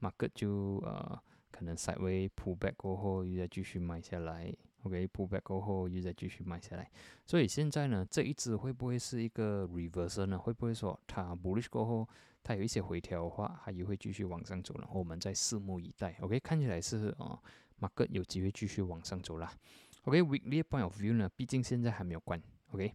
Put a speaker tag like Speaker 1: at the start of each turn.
Speaker 1: market 就呃，可能 side way pull back 過後，又再繼續買下來。OK，pull back 過後又再繼續買下來。所以現在呢，這一隻會不會是一個 reversal 呢？會不會說它 bullish 過後，它有一些回調的話，它又會繼續往上走？然後我們再拭目以待。OK，看起來是哦，呃，market 有機會繼續往上走啦。OK，weekly point of view 呢？畢竟現在還沒有關。OK。